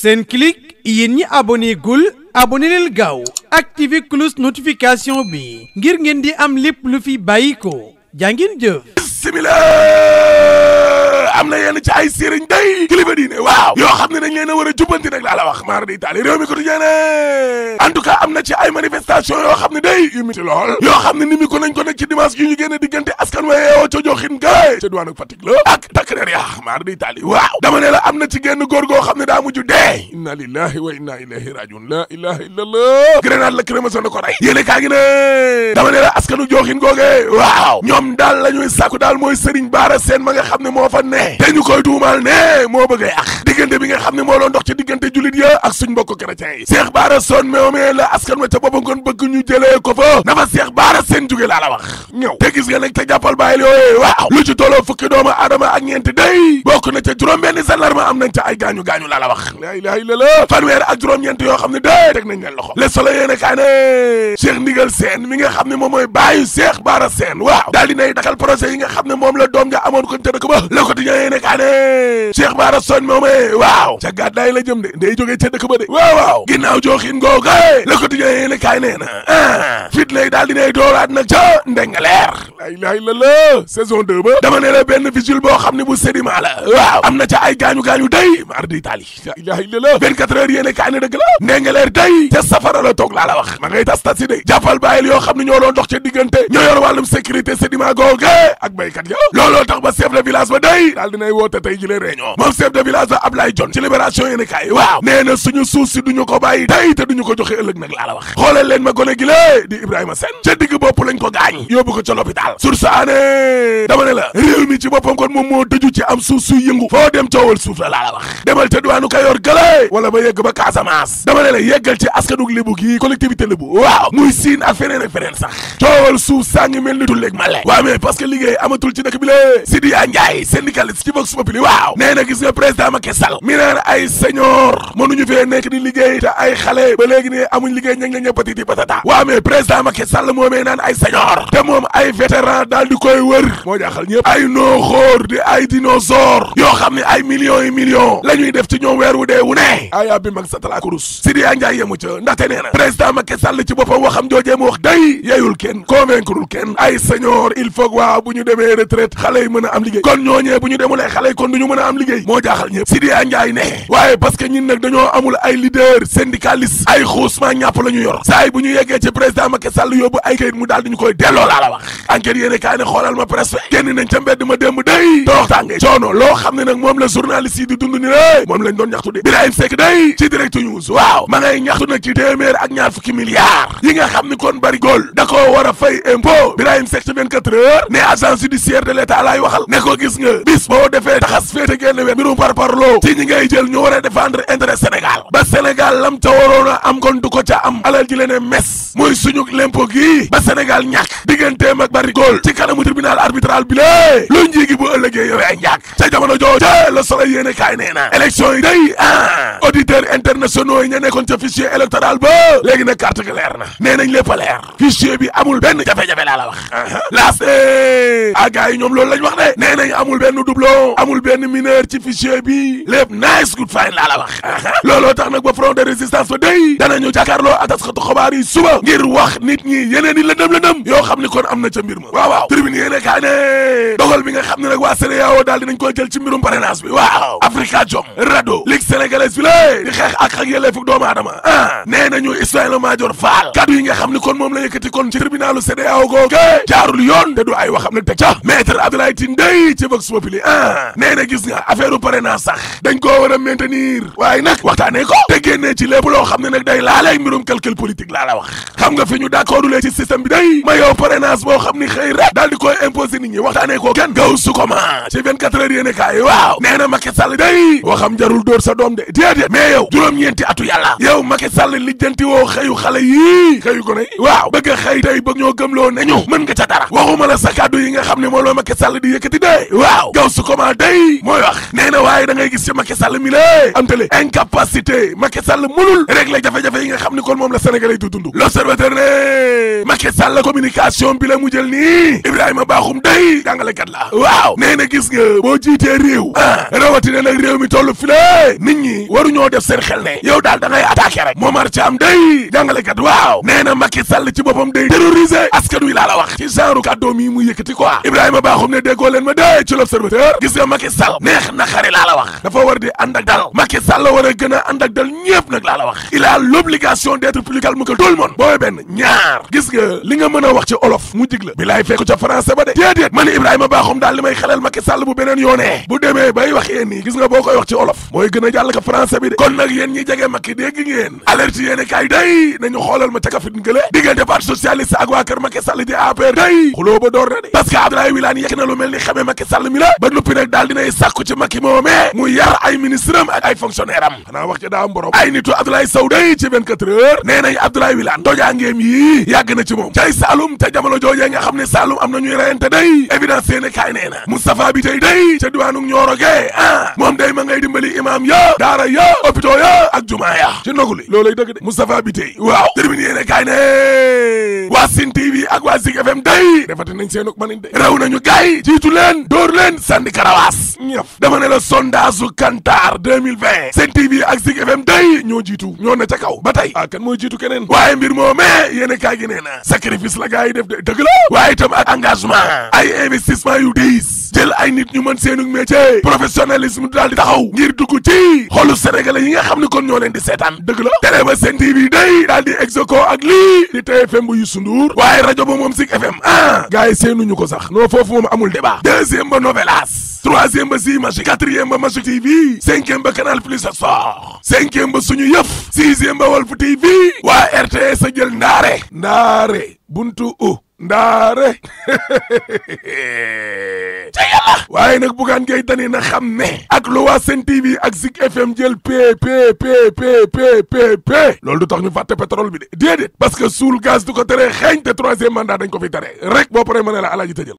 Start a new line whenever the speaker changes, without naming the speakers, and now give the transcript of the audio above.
seen Senclic yéen ñi abonné gul abonné leen gaaw activé cloche notification bi ngir ngeen di am lépp lu fi bàyyi ko jàngin jëf. Bismillah. am na yenn ci ay sëriñ day kilifa diine waaw yoo xam ne dañ leen a war a jubbanti nag laa la wax maar di taali réew mi ko tujeene en tout cas am na ci ay manifestation yoo xam ne day yu miti lool yoo xam ne ni mi ko nañ ko nag ci dimanche yu ñu génne diggante askan wa yeewoo ca joxin gaay ca diwaan ak la ak takk der ya maar di taali waaw dama ne la am na ci génn góor goo xam ne daa mujj dee inna lillahi wa inna ilayhi rajiun la ilaha illa allah grenade la crémation na ko rey yéene kaa ne dama ne la askanu jooxin googe waaw ñoom daal la ñuy sàkku daal mooy Serigne Bara Sène ma nga xam ne moo fa ne te ñu koy tuumaal ne moo bëggee ak diggante bi nga xam ne moo doon dox ci diggante julit ya ak suñ mbokk chrétien yi Cheikh Bara Sène moomee la askan wa ca boppam kon bëgg ñu jëlee ko fa la wax ñëw te gis nga nag te jàppal bàyyil yooyee waaw lu ci tolloo fukki doomu aadama yi bokk na ca juróom-benn gendarme am nañ ca ay gaañu gaañu laa la wax laa ilaaha illallaah ak juróom-ñeent yoo xam ne de teg nañ leen loxo le soleil yéene kaa ne Cheikh Ndigal Sène mi nga xam ne moom mooy baayu Cheikh Bara seen waaw daal di nay dakal projet yi nga xam ne moom la doom ja amoon ko ca dëkk ba le quotidien yéene kaa ne Cheikh Bara Sène moomee waaw ca gàddaay la jëm de day jógee ca dëkk ba de waaw waaw ginnaaw jooxin googu le quotidien yéene kaay nee na ah, fit lay daal di nay dooraat nag ca ndengaleer ay laay la la saison 2 ba dama ne la benn visuel boo xam ne bu sédiment la waaw am na ca ay gaañu-gaañu day mardi itali ay laay la la 24 heures yéene kaay ne dëgg la ndengaleer day ca safara la toog laa la wax ma ngay tas tas si day jàppal bàyyil yoo xam ne ñoo doon dox ca diggante ñoo yor wàllum sécurité sédiment googe ak béykat ya looloo tax ba chef de village ba day daal dinay woote tey jile réunion moom chef de village ba Ablaye John ci libération yéene kaay waaw nee na suñu suuf si duñu ko bàyyi day te duñu ko joxe ëllëg nag laa la wax xoolal leen ma gone gi la di Ibrahima Sène ca digg bopp lañ ko gaañ yóbbu ko ca l'hôpital Sénégal sur sa année dama ne la réew mi ci boppam moom moo dëju ci am suuf suy yëngu foo dem coowal suuf la laa wax demal te duwaanu Kayoor gële wala ba yegg ba Casamance dama ne yeggal ci askanug lébu gi collectivité lébu waaw muy siin ak feneen ak feneen sax coowal suuf saa mel ni tulleeg male waaw mais liggéey amatul ci ci Vox Populi waaw nee na gis nga président fee nekk di liggéey te ay xale ba léegi ne amuñ liggéey ña ngi la patiti patata terrain daal di koy wër moo jaaxal ñëpp ay nooxóor di ay dinosaure yoo xam ne ay million yi millions la ñuy def ci ñoom weer wu dee wu ne ayaa bi mag satala kurus Sidiya Ndiaye yemu ca ndaxte nee na président Macky Sall ci boppam waxam joojee mu wax day yeyul kenn convaincreul kenn ay señor il faut waa bu ñu demee retraite xale yi mën a am liggéey kon ñooñee bu ñu demulee xale yi kon du ñu mën a am liggéey moo jaaxal ñëpp Sidiya Ndiaye ne waaye ñun nag dañoo amul ay leader syndicaliste ay xuusma ñàpp la ñu yor saa bu ñu yeggee ci président Macky Sall yóbbu ay daal di koy delloo laa enquête yéen kaay ne xoolal ma presse fe génn nañ ca mbedd ma démb day toox tànge coono loo xam ne nag moom la journaliste yi di dund ni ne moom lañ doon ñaxtu de Birahim Seck day ci direct news waaw ma ngay ñaxtu nag ci téeméer ak ñaar fukki milliards yi nga xam ni kon bari góol da koo war a fay impôt Birahim Seck ci 24 heures ne agence judiciaire de l'État laay waxal ne ko gis nga bis boo defee taxas féete génn wet mbirum par parloo ci ñi ngay a a Patrick Gool ci kanamu tribunal arbitral bi lée lu njigi bu ëllëgee yow ay njàkk ca jamono jooje Le Soleil yéene kaay nee na élection yi day ah auditeurs internationaux yi ña nekkoon ca fichier électoral ba léegi nag carte gi leer na nee nañ a leer fichier bi amul benn jafe-jafe laa la wax ah laas a ah gars yi ñoom loolu lañ wax de nee nañ amul benn doublon amul ci fichier bi lépp nice good fine laa la wax ah looloo tax nag ba front de résistance ba day danañu jàkkaarloo ak taskatu xabaar yi suba ngir wax nit ñi yeneen yi lëndëm na mbir ma waaw waaw tribune yéene kaay bi nga xam ne nag waa CEDEAO daal dinañ koy jël ci mbirum parrainage bi waaw Africa Jom rado Ligue sénégalaise bi lé di xeex ak ak yelleefu doomu aadama ah nee nañu Ismaïla Madior Fall kaddu yi nga xam ne kon moom la yëkkati kon ci tribunalu CEDEAO googe jaarul yoon te du ay waxam nag teg ca maître Abdoulaye day ci Vox Populi ah nee na gis nga affaire u sax dañ koo war a maintenir waaye nag ko te génnee ci lépp loo xam ne nag day laalay mbirum calcul politique la xëy rek daal di koy imposé nit ñi waxtaanee ko kenn gaw su ko ma ci 24 heures yéene kaay waaw nee na Macky Sall waxam jarul dóor sa doom de déedéet mais yow juróom-ñeenti atu yàlla yow Macky Sall lijjanti woo xëyu xale yii xëyu gone yi waaw bëgg a xëy tey bëgg ñoo gëmloo ne ñu mën nga ca dara waxuma la sa kàddu yi nga xam ne mool loo Macky Sall di yëkkati de waaw gaw su ko mooy wax nee waaye da ngay gis ci Macky Sall mi lée am tale incapacité Macky Sall mënul régler jafe-jafe yi nga xam ne kon moom la Sénégalais du dund l'observateur ne communication bi la mu jël nii nii Ibrahima Bakhoum day jàngalekat la waaw nee na gis nga boo jiitee réew ah rawatina nag réew mi toll file nit ñi waruñoo def seen xel ne yow daal da ngay attaqué rek Momar Thiam day jàngalekat waaw nee na Macky Sall ci boppam day terrorisé askan wi laa la wax ci genre kàddoom yi mu yëkkati quoi Ibrahima Bakhoum ne déggoo leen ma dee ci l'observateur gis nga Macky Sall neex na xari la wax dafa war di ànd ak dal Macky Sall a gën a ànd ak dal ñëpp nag laa la wax il a l'obligation d'être plus calme que tout le monde booy benn ñaar gis nga li nga mën a wax ci olof mu jig la laay fekku ca français ba de déedéet man Ibrahima Bakhoum daal li may xelal Macky Sall bu beneen yoonee bu demee bay wax yéen gis nga boo koy wax ci olof mooy gën a jàll ka français bi de kon nag yéen ñi jege Macky dégg ngeen alerte yéen kay day nañu xoolal ma ca kafin gële diggante parti socialiste ak waa kër Macky Sall di APR day xuloo ba door na de parce que Abdoulaye Wilane mel ni xamee Macky Sall mi la ba nuppi nag daal dinay yi yàgg ci moom ne Saloum am na ñuy reyante day évidence yéene kaay nee na Moustapha bi tey day ca diwaanu Nioro gee ah moom day ma ngay dimbali imam ya daara ya hôpitaux ya ak jumaa ya ci noguli loolay dëgg de Moustapha bi tey waaw terminé yéene kaay ne waa Sine TV ak waa FM day defati nañ seenuk manin de raw nañu gaay jiitu leen dóor leen sandi karawaas ñëf dama la sondage u Kantar 2020 Sine TV ak Zik FM day ñoo jiitu ñoo na ca kaw ba tey ah kan mooy jiitu keneen waaye mbir moomee yéene kaay gi nee na sacrifice waaye itam ak engagement ah. ay investissement yu diis jël ay nit ñu mën seenu métier professionnalisme daal di taxaw ngir dugg ci xolu sénégalais yi nga xam ne kon ñoo leen di seetaan dëgg la télé ba seen TV day daal di execo ak lii di TFM bu Youssou Ndour waaye rajo ba moom Zik FM ah gars yi seenuñu ko sax non foofu moom amul débat deuxième ba Novelas troisième ba si Magic quatrième ba Magic TV cinquième ba Canal Plus ak Sox cinquième ba suñu yëf sixième ba Walf TV waa RTS a jël ndaare ndaare buntu ndaare ca yàlla waaye nag bugaan ngay dani na xam ne ak lu waa Sen TV ak Zik FM jël p p p p p p loolu du tax ñu fàtte pétrole bi de déedéet parce que suul gaz du ko tere xeeñ te troisième mandat dañ ko fi tere rek boo paree ma ne la alaaji tëjal